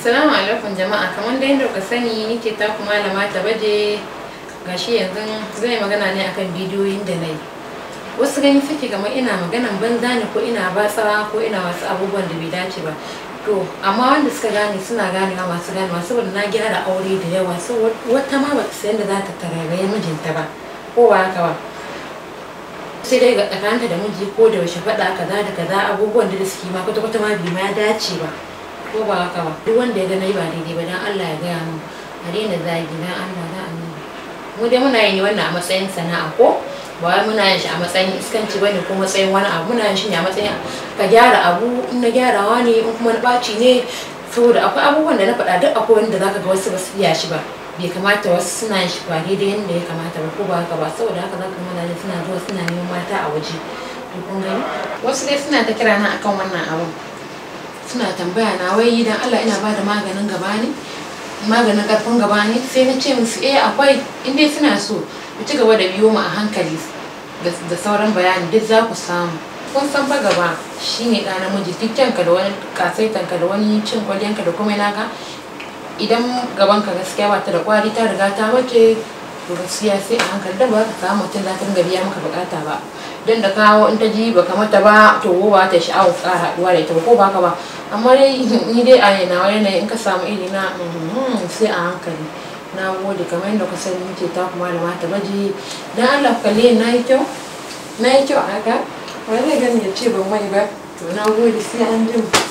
Assalamu alaikum jama'a kamar da yadda kuka sani nike ta kuma malama ta baje gashi yanzu zai magana ne akan bidiyoyin da nayi wasu gani suke kamar ina maganan banza ne ko ina batsawa ko ina wasu abubuwan da bai dace ba to amma wanda suka gane suna ganewa masu ganewa saboda na gyara aure da yawa so wata ma ba sayan da za ta tarare mijinta ba ko ba haka ba sai dai ga tsakanta da miji ko da yaushe faɗa kaza da kaza abubuwan da suke ma kwata-kwata ma bai ma dace ba ko ba haka ba duk wanda ya ga nayi ba daidai ba dan Allah ya gaya mu a daina zagi dan Allah da nuna mu dai muna yin wannan a matsayin sana'a ko ba wai muna yin shi a matsayin iskanci bane ko matsayin wani abu muna yin shi ne a matsayin ka gyara abu in na gyarawa ne in kuma na ɓaci ne saboda akwai abubuwan da na faɗa duk akwai wanda zaka ga wasu ba iya shi ba bai kamata wasu suna yin shi ba daidai yadda ya kamata ba ko ba haka ba saboda haka zaka ga suna zuwa suna neman mata a waje wasu dai suna ta kirana na akan wannan abun suna tambaya na wai idan Allah ina bada maganin gaba ne maganin karfin gaba ne sai na ce musu eh akwai in dai suna so ku ci gaba da biyo mu a hankali da sauran bayani duk za ku samu kun san fa gaba shine ɗa namiji duk kyanka da wani ka da wani cin kwaliyanka da kuma naka idan gaban ka gaskiya ba ta da kwari ta riga ta wace gaskiya sai a hankali da ba ka samu mutum za ta biya maka bukata ba da kawo in ta ji ba kamata ba to ba ta sha'awar ƙara haɗuwa da ita ba ko ba ka ba amma dai ni dai a wani yanayi in ka samu iri na mm-hmm, sai a hankali na gode kamar yadda ka sani muke ta kuma da mata baje dan Allah kalle na yi kyau na yi kyau a haka wani zai gani ya ce ban mai ba to na gode sai an jin